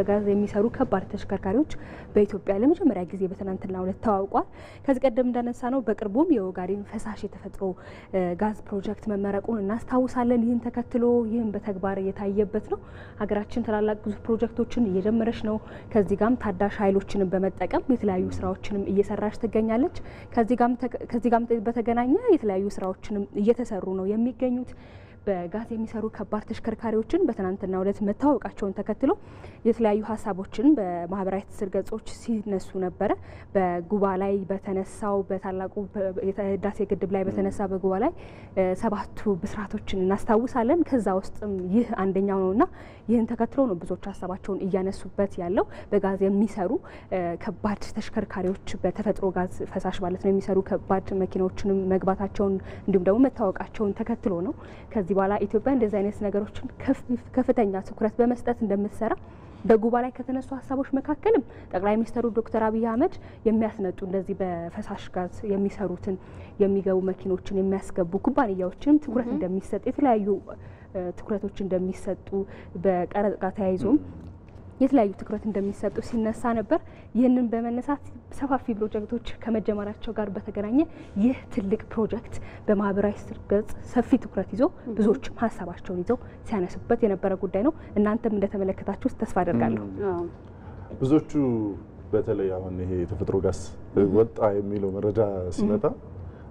በጋዝ የሚሰሩ ከባድ ተሽከርካሪዎች በኢትዮጵያ ለመጀመሪያ ጊዜ በትናንትናው ዕለት ተዋውቋል። ከዚህ ቀደም እንዳነሳ ነው በቅርቡም የኦጋዴን ፈሳሽ የተፈጥሮ ጋዝ ፕሮጀክት መመረቁን እናስታውሳለን። ይህን ተከትሎ ይህም በተግባር እየታየበት ነው። ሀገራችን ታላላቅ ግዙፍ ፕሮጀክቶችን እየጀመረች ነው። ከዚህ ጋም ታዳሽ ኃይሎችንም በመጠቀም የተለያዩ ስራዎችንም እየሰራች ትገኛለች። ከዚህ ጋም በተገናኘ የተለያዩ ስራዎችንም እየተሰሩ ነው የሚገኙት። በጋዝ የሚሰሩ ከባድ ተሽከርካሪዎችን በትናንትናው ዕለት መታወቃቸውን ተከትሎ የተለያዩ ሀሳቦችን በማህበራዊ ትስስር ገጾች ሲነሱ ነበረ። በጉባ ላይ በተነሳው በታላቁ ህዳሴ ግድብ ላይ በተነሳ በጉባ ላይ ሰባቱ ብስራቶችን እናስታውሳለን። ከዛ ውስጥም ይህ አንደኛው ነውና ይህን ተከትሎ ነው ብዙዎች ሀሳባቸውን እያነሱበት ያለው። በጋዝ የሚሰሩ ከባድ ተሽከርካሪዎች በተፈጥሮ ጋዝ ፈሳሽ ማለት ነው የሚሰሩ ከባድ መኪናዎችንም መግባታቸውን እንዲሁም ደግሞ መታወቃቸውን ተከትሎ ነው ከዚህ በኋላ ኢትዮጵያ እንደዚህ አይነት ነገሮችን ከፍተኛ ትኩረት በመስጠት እንደምትሰራ በጉባኤ ላይ ከተነሱ ሀሳቦች መካከልም ጠቅላይ ሚኒስትሩ ዶክተር አብይ አህመድ የሚያስነጡ እንደዚህ በፈሳሽ ጋዝ የሚሰሩትን የሚገቡ መኪኖችን የሚያስገቡ ኩባንያዎችንም ትኩረት እንደሚሰጥ የተለያዩ ትኩረቶች እንደሚሰጡ በቀረጥ ጋር ተያይዞም የተለያዩ ትኩረት እንደሚሰጡ ሲነሳ ነበር። ይህንን በመነሳት ሰፋፊ ፕሮጀክቶች ከመጀመራቸው ጋር በተገናኘ ይህ ትልቅ ፕሮጀክት በማህበራዊ ስር ገጽ ሰፊ ትኩረት ይዞ ብዙዎችም ሀሳባቸውን ይዘው ሲያነሱበት የነበረ ጉዳይ ነው። እናንተም እንደተመለከታችሁ ተስፋ አደርጋለሁ። ብዙዎቹ በተለይ አሁን ይሄ የተፈጥሮ ጋስ ወጣ የሚለው መረጃ ሲመጣ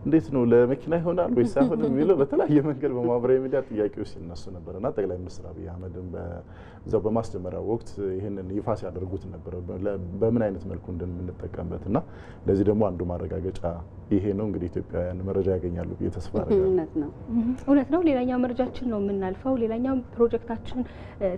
እንዴት ነው ለመኪና ይሆናል ወይስ አይሆንም የሚለው በተለያየ መንገድ በማህበራዊ ሚዲያ ጥያቄዎች ሲነሱ ነበር እና ጠቅላይ ሚኒስትር አብይ አህመድን በዛው በማስጀመሪያ ወቅት ይህንን ይፋ ሲያደርጉት ነበር በምን አይነት መልኩ እንደምንጠቀምበት እና ለዚህ ደግሞ አንዱ ማረጋገጫ ይሄ ነው። እንግዲህ ኢትዮጵያውያን መረጃ ያገኛሉ ብዬ ተስፋ እውነት ነው እውነት ነው። ሌላኛው መረጃችን ነው የምናልፈው። ሌላኛው ፕሮጀክታችን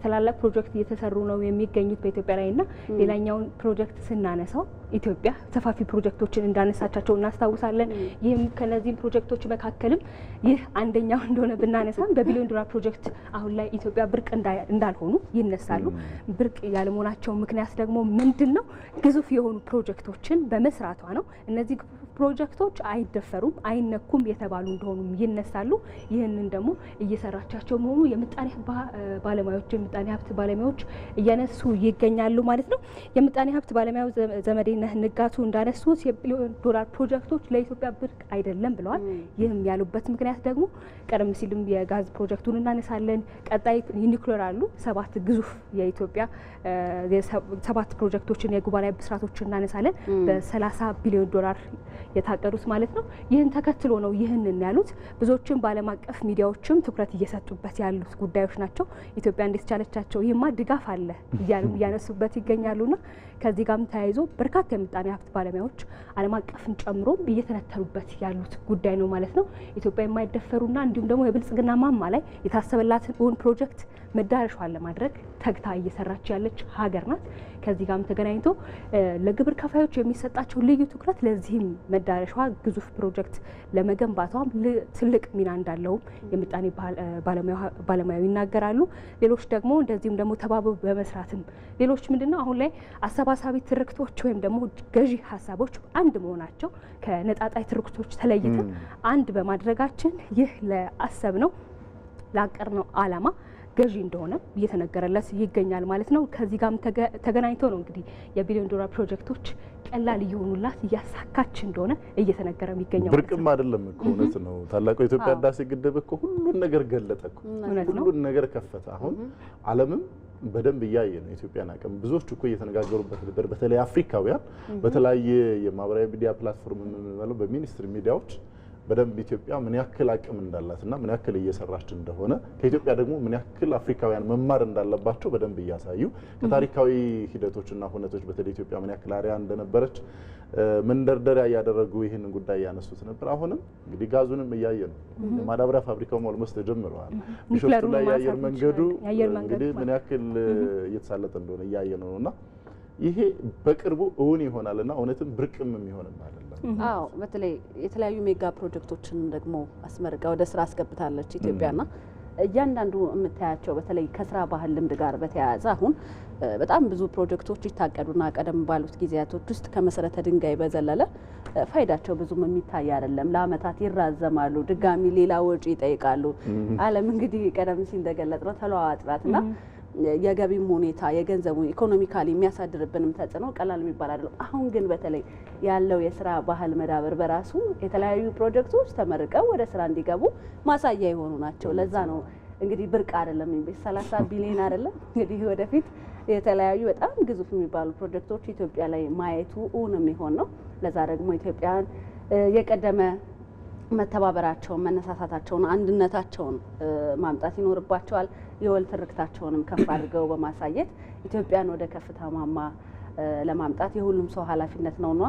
ታላላቅ ፕሮጀክት እየተሰሩ ነው የሚገኙት በኢትዮጵያ ላይ እና ሌላኛውን ፕሮጀክት ስናነሳው ኢትዮጵያ ሰፋፊ ፕሮጀክቶችን እንዳነሳቻቸው እናስታውሳለን። ይህም ከነዚህም ፕሮጀክቶች መካከልም ይህ አንደኛው እንደሆነ ብናነሳም በቢሊዮን ዶላር ፕሮጀክት አሁን ላይ ኢትዮጵያ ብርቅ እንዳልሆኑ ይነሳሉ። ብርቅ ያለመሆናቸው ምክንያት ደግሞ ምንድን ነው? ግዙፍ የሆኑ ፕሮጀክቶችን በመስራቷ ነው። እነዚህ ፕሮጀክቶች አይደፈሩም፣ አይነኩም የተባሉ እንደሆኑ ይነሳሉ። ይህንን ደግሞ እየሰራቻቸው መሆኑ የምጣኔ ባለሙያዎች የምጣኔ ሀብት ባለሙያዎች እያነሱ ይገኛሉ ማለት ነው። የምጣኔ ሀብት ባለሙያው ዘመዴነህ ንጋቱ እንዳነሱት የቢሊዮን ዶላር ፕሮጀክቶች ለኢትዮጵያ ብርቅ አይደለም ብለዋል። ይህም ያሉበት ምክንያት ደግሞ ቀደም ሲልም የጋዝ ፕሮጀክቱን እናነሳለን፣ ቀጣይ ኒውክሌር አሉ ሰባት ግዙፍ የኢትዮጵያ ሰባት ፕሮጀክቶችን የጉባኤ ብስራቶችን እናነሳለን በ በሰላሳ ቢሊዮን ዶላር የታቀዱት ማለት ነው። ይህን ተከትሎ ነው ይህንን ያሉት። ብዙዎችም በዓለም አቀፍ ሚዲያዎችም ትኩረት እየሰጡበት ያሉት ጉዳዮች ናቸው። ኢትዮጵያ እንዴት ቻለቻቸው? ይህማ ድጋፍ አለ እያሉ እያነሱበት ይገኛሉና ከዚህ ጋርም ተያይዞ በርካታ የምጣኔ ሀብት ባለሙያዎች ዓለም አቀፍን ጨምሮ እየተነተሩበት ያሉት ጉዳይ ነው ማለት ነው። ኢትዮጵያ የማይደፈሩና እንዲሁም ደግሞ የብልጽግና ማማ ላይ የታሰበላትን እውን ፕሮጀክት መዳረሻዋን ለማድረግ ተግታ እየሰራች ያለች ሀገር ናት። ከዚህ ጋርም ተገናኝቶ ለግብር ከፋዮች የሚሰጣቸው ልዩ ትኩረት ለዚህም መዳረሻዋ ግዙፍ ፕሮጀክት ለመገንባቷም ትልቅ ሚና እንዳለውም የምጣኔ ባለሙያው ይናገራሉ። ሌሎች ደግሞ እንደዚሁም ደግሞ ተባብበው በመስራትም ሌሎች ምንድነው አሁን ላይ አሰባሳቢ ትርክቶች ወይም ደግሞ ገዢ ሀሳቦች አንድ መሆናቸው ከነጣጣይ ትርክቶች ተለይተን አንድ በማድረጋችን ይህ ለአሰብ ነው ላቀር ነው አላማ ገዢ እንደሆነ እየተነገረለት ይገኛል ማለት ነው። ከዚህ ጋርም ተገናኝቶ ነው እንግዲህ የቢሊዮን ዶላር ፕሮጀክቶች ቀላል እየሆኑላት እያሳካች እንደሆነ እየተነገረ የሚገኘው ብርቅም አይደለም እኮ እውነት ነው። ታላቁ የኢትዮጵያ ህዳሴ ግድብ እኮ ሁሉን ነገር ገለጠ እኮ ሁሉን ነገር ከፈተ። አሁን ዓለምም በደንብ እያየ ነው ኢትዮጵያን አቅም። ብዙዎች እኮ እየተነጋገሩበት ነበር። በተለይ አፍሪካውያን በተለያየ የማህበራዊ ሚዲያ ፕላትፎርም የምንለው በሚኒስትር ሚዲያዎች በደንብ ኢትዮጵያ ምን ያክል አቅም እንዳላትና ምን ያክል እየሰራች እንደሆነ ከኢትዮጵያ ደግሞ ምን ያክል አፍሪካውያን መማር እንዳለባቸው በደንብ እያሳዩ ከታሪካዊ ሂደቶችና ሁነቶች በተለይ ኢትዮጵያ ምን ያክል አሪያ እንደነበረች መንደርደሪያ እያደረጉ ይህንን ጉዳይ እያነሱት ነበር። አሁንም እንግዲህ ጋዙንም እያየ ነው። የማዳበሪያ ፋብሪካው ኦልሞስት ተጀምረዋል። ቢሾፍቱ ላይ የአየር መንገዱ እንግዲህ ምን ያክል እየተሳለጠ እንደሆነ እያየ ነው እና ይሄ በቅርቡ እውን ይሆናል እና እውነትም ብርቅም የሚሆንም አይደለም። አዎ በተለይ የተለያዩ ሜጋ ፕሮጀክቶችን ደግሞ አስመርቃ ወደ ስራ አስገብታለች ኢትዮጵያና እያንዳንዱ የምታያቸው በተለይ ከስራ ባህል ልምድ ጋር በተያያዘ አሁን በጣም ብዙ ፕሮጀክቶች ይታቀዱና ቀደም ባሉት ጊዜያቶች ውስጥ ከመሰረተ ድንጋይ በዘለለ ፋይዳቸው ብዙም የሚታይ አይደለም። ለአመታት ይራዘማሉ፣ ድጋሚ ሌላ ወጪ ይጠይቃሉ። ዓለም እንግዲህ ቀደም ሲል እንደገለጽ ነው ተለዋዋጭ ናትና የገቢም ሁኔታ የገንዘቡ ኢኮኖሚካሊ የሚያሳድርብንም ተጽዕኖ ቀላል የሚባል አይደለም። አሁን ግን በተለይ ያለው የስራ ባህል መዳበር በራሱ የተለያዩ ፕሮጀክቶች ተመርቀው ወደ ስራ እንዲገቡ ማሳያ የሆኑ ናቸው። ለዛ ነው እንግዲህ ብርቅ አይደለም ሰላሳ ቢሊዮን አይደለም እንግዲህ ወደፊት የተለያዩ በጣም ግዙፍ የሚባሉ ፕሮጀክቶች ኢትዮጵያ ላይ ማየቱ እውን የሚሆን ነው። ለዛ ደግሞ ኢትዮጵያን የቀደመ መተባበራቸውን፣ መነሳሳታቸውን፣ አንድነታቸውን ማምጣት ይኖርባቸዋል። የወል ትርክታቸውንም ከፍ አድርገው በማሳየት ኢትዮጵያን ወደ ከፍታ ማማ ለማምጣት የሁሉም ሰው ኃላፊነት ነውና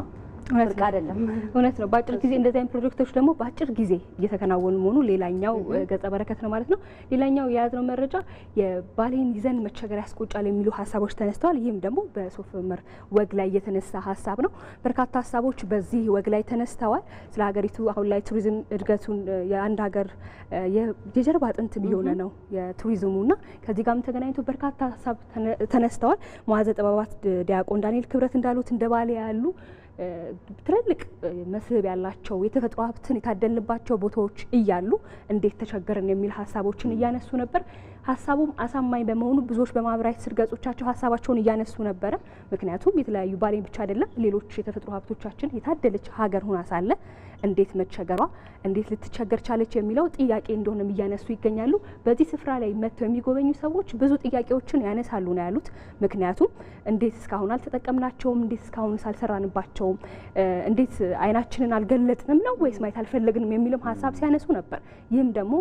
ብርቅ አይደለም። እውነት ነው። በአጭር ጊዜ እንደዚህ አይነት ፕሮጀክቶች ደግሞ በአጭር ጊዜ እየተከናወኑ መሆኑ ሌላኛው ገጸ በረከት ነው ማለት ነው። ሌላኛው የያዝነው መረጃ የባሌን ይዘን መቸገር ያስቆጫል የሚሉ ሀሳቦች ተነስተዋል። ይህም ደግሞ በሶፍ ዑመር ወግ ላይ የተነሳ ሀሳብ ነው። በርካታ ሀሳቦች በዚህ ወግ ላይ ተነስተዋል። ስለ ሀገሪቱ አሁን ላይ ቱሪዝም እድገቱን የአንድ ሀገር የጀርባ አጥንት የሆነ ነው የቱሪዝሙና ከዚህ ጋርም ተገናኝቶ በርካታ ሀሳብ ተነስተዋል። መዋዘ ጥበባት ዲያቆን ዳንኤል ክብረት እንዳሉት እንደ ባሌ ያሉ ትልልቅ መስህብ ያላቸው የተፈጥሮ ሀብትን የታደልንባቸው ቦታዎች እያሉ እንዴት ተቸገርን የሚል ሀሳቦችን እያነሱ ነበር። ሀሳቡም አሳማኝ በመሆኑ ብዙዎች በማህበራዊ ትስስር ገጾቻቸው ሀሳባቸውን እያነሱ ነበረ። ምክንያቱም የተለያዩ ባሌን ብቻ አይደለም ሌሎች የተፈጥሮ ሀብቶቻችን የታደለች ሀገር ሆና ሳለ እንዴት መቸገሯ እንዴት ልትቸገር ቻለች የሚለው ጥያቄ እንደሆነም እያነሱ ይገኛሉ። በዚህ ስፍራ ላይ መጥተው የሚጎበኙ ሰዎች ብዙ ጥያቄዎችን ያነሳሉ ነው ያሉት። ምክንያቱም እንዴት እስካሁን አልተጠቀምናቸውም? እንዴት እስካሁን ሳልሰራንባቸውም እንዴት አይናችንን አልገለጥንም ነው ወይስ ማየት አልፈለግንም? የሚልም ሀሳብ ሲያነሱ ነበር። ይህም ደግሞ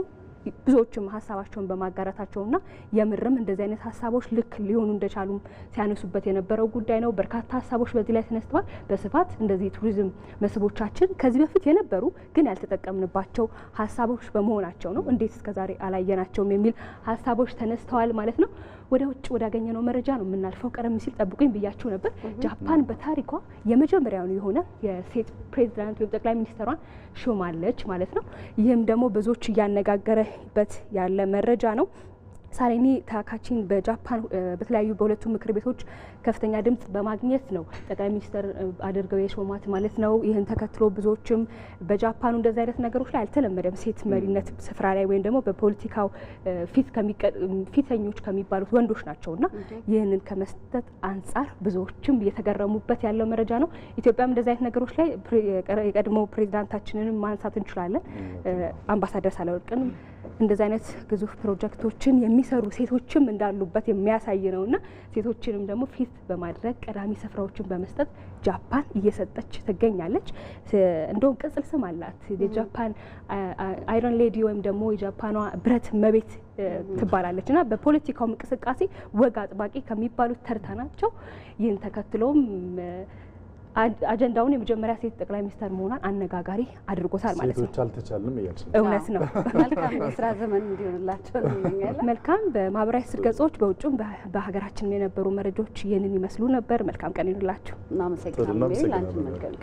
ብዙዎችም ሀሳባቸውን በማጋራታቸውና የምርም እንደዚህ አይነት ሀሳቦች ልክ ሊሆኑ እንደቻሉም ሲያነሱበት የነበረው ጉዳይ ነው። በርካታ ሀሳቦች በዚህ ላይ ተነስተዋል። በስፋት እንደዚህ ቱሪዝም መስህቦቻችን ከዚህ በፊት የነበሩ ግን ያልተጠቀምንባቸው ሀሳቦች በመሆናቸው ነው እንዴት እስከዛሬ አላየናቸውም የሚል ሀሳቦች ተነስተዋል ማለት ነው። ወደ ውጭ ነው መረጃ ነው የምናልፈው። ቀደም ሲል ጠብቁኝ ብያችሁ ነበር። ጃፓን በታሪኳ የመጀመሪያው የሆነ የሴት ፕሬዚዳንት ወይም ጠቅላይ ሚኒስትሯን ሾማለች ማለት ነው። ይህም ደግሞ ብዙዎች እያነጋገረበት ያለ መረጃ ነው። ሳሬኒ ታካቺን በጃፓን በተለያዩ በሁለቱ ምክር ቤቶች ከፍተኛ ድምፅ በማግኘት ነው ጠቅላይ ሚኒስትር አድርገው የሾማት ማለት ነው። ይህን ተከትሎ ብዙዎችም በጃፓኑ እንደዚህ አይነት ነገሮች ላይ አልተለመደም። ሴት መሪነት ስፍራ ላይ ወይም ደግሞ በፖለቲካው ፊተኞች ከሚባሉት ወንዶች ናቸው እና ይህንን ከመስጠት አንጻር ብዙዎችም እየተገረሙበት ያለው መረጃ ነው። ኢትዮጵያም እንደዚህ አይነት ነገሮች ላይ የቀድሞ ፕሬዚዳንታችንንም ማንሳት እንችላለን። አምባሳደር ሳለወርቅንም እንደዚህ አይነት ግዙፍ ፕሮጀክቶችን የሚሰሩ ሴቶችም እንዳሉበት የሚያሳይ ነውና ሴቶችንም ደግሞ ፊት በማድረግ ቀዳሚ ስፍራዎችን በመስጠት ጃፓን እየሰጠች ትገኛለች። እንደውም ቅጽል ስም አላት። የጃፓን አይረን ሌዲ ወይም ደግሞ የጃፓኗ ብረት መቤት ትባላለች እና በፖለቲካውም እንቅስቃሴ ወግ አጥባቂ ከሚባሉት ተርታ ናቸው። ይህን ተከትሎም አጀንዳውን የመጀመሪያ ሴት ጠቅላይ ሚኒስተር መሆኗን አነጋጋሪ አድርጎታል ማለት ነው። ሴቶች አልተቻልንም እያልሽ እውነት ነው። መልካም የስራ ዘመን እንዲሆንላቸው ነው። መልካም። በማህበራዊ ስር ገጾች በውጭም በሀገራችን የነበሩ መረጃዎች ይህንን ይመስሉ ነበር። መልካም ቀን ይሁንላችሁ። እናመሰግናለን።